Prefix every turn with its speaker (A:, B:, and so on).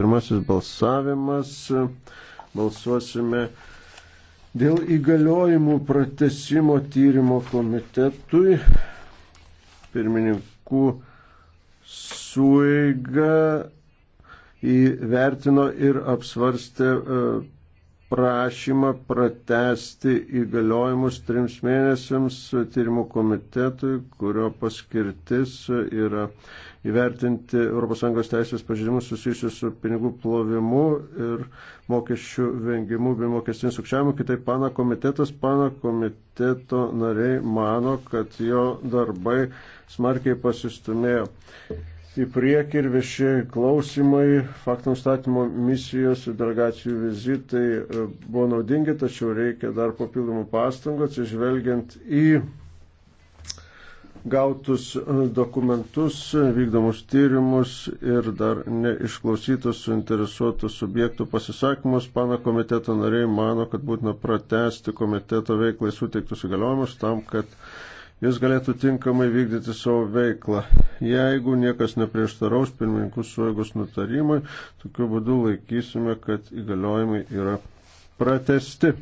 A: Pirmasis balsavimas. Balsuosime dėl įgaliojimų pratesimo tyrimo komitetui. Pirmininkų suiga įvertino ir apsvarstė e, prašymą pratesti įgaliojimus trims mėnesiams tyrimų komitetui, kurio paskirtis yra įvertinti ES teisės pažydimus susijusius su pinigų plovimu ir mokesčių vengimu bei mokestiniu sukčiavimu. Kitaip pana komitetas, pana komiteto nariai mano, kad jo darbai smarkiai pasistumėjo į priekį ir viešieji klausimai, faktų nustatymo misijos ir delegacijų vizitai e, buvo naudingi, tačiau reikia dar papildomų pastangų atsižvelgiant į gautus e, dokumentus, vykdomus tyrimus ir dar neišklausytus suinteresuotus subjektų pasisakymus. Pana komiteto nariai mano, kad būtina pratesti komiteto veiklai suteiktus įgaliojimus tam, kad jis galėtų tinkamai vykdyti savo veiklą. Jeigu niekas neprieštaraus pirmininkų suėgos nutarimai, tokiu būdu laikysime, kad įgaliojimai yra pratesti.